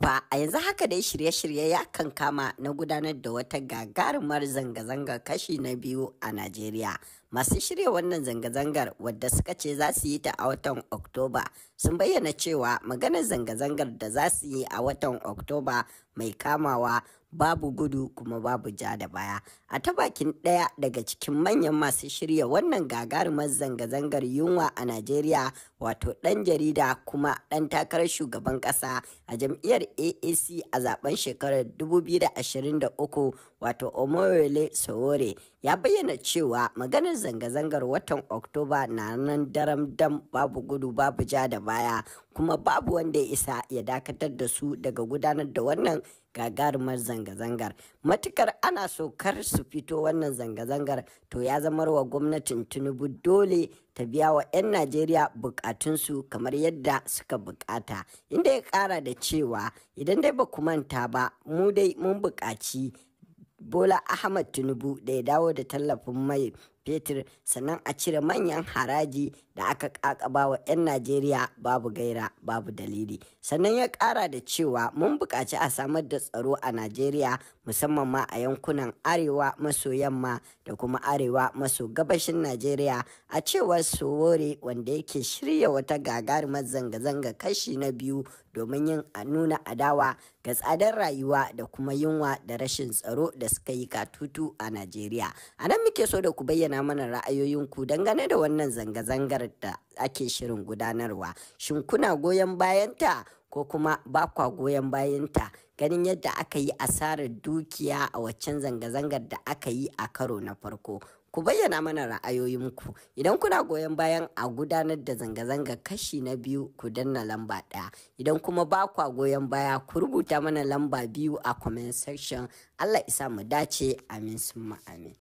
fa a yanzu haka dai shirye-shirye ya kan kama na gudanar da wata gagarumar zanga-zanga kashi na biyu a Najeriya Masu shirya wannan zanga-zangar wadda suka ce za su yi ta a watan Oktoba sun bayyana cewa maganar zanga-zangar da za su yi a watan Oktoba mai kamawa babu gudu kuma babu ja da baya. A ta bakin ɗaya daga cikin manyan masu shirya wannan gagarumar zanga-zangar yunwa a Najeriya wato ɗan jarida kuma ɗan takarar shugaban ƙasa a jam'iyyar AAC a zaben shekarar 2023 wato Omoyole Sowore ya bayyana cewa maganar zanga-zangar watan oktoba na nan daram dam babu gudu babu ja da baya kuma babu wanda ya isa ya dakatar da su daga gudanar da wannan gagarumar zanga-zangar matukar ana so kar su fito wannan zanga-zangar to ya zamar wa gwamnatin tinubu dole ta biya wa 'yan najeriya bukatunsu kamar yadda suka bukata inda ya kara da cewa idan dai ba ku manta ba mu dai mun bukaci bola ahmad tinubu da ya dawo da tallafin mai fetur sannan a cire manyan haraji da aka kakaba wa 'yan Najeriya babu gaira babu dalili. Sannan ya kara da cewa mun buƙaci a samar da tsaro a Najeriya musamman ma a yankunan arewa maso yamma da kuma arewa maso gabashin Najeriya a cewar Sowore wanda yake shirya wata gagarumar zanga-zanga kashi na biyu domin yin a nuna adawa ga tsadar rayuwa da kuma yunwa da rashin tsaro da suka yi katutu a Najeriya. A nan muke so da ku bayyana bayyana mana ra'ayoyinku dangane da wannan zanga-zangar da ake shirin gudanarwa. Shin kuna goyon bayanta ko kuma ba kwa goyon bayanta ganin yadda aka yi asarar dukiya a waccan zanga-zangar da aka yi a karo na farko. ku bayyana mana ra'ayoyinku idan kuna goyon bayan a gudanar da zanga-zanga kashi na biyu ku danna lamba ɗaya idan kuma ba kwa goyon baya ku rubuta mana lamba biyu a comment section allah isa mu dace amin sun amin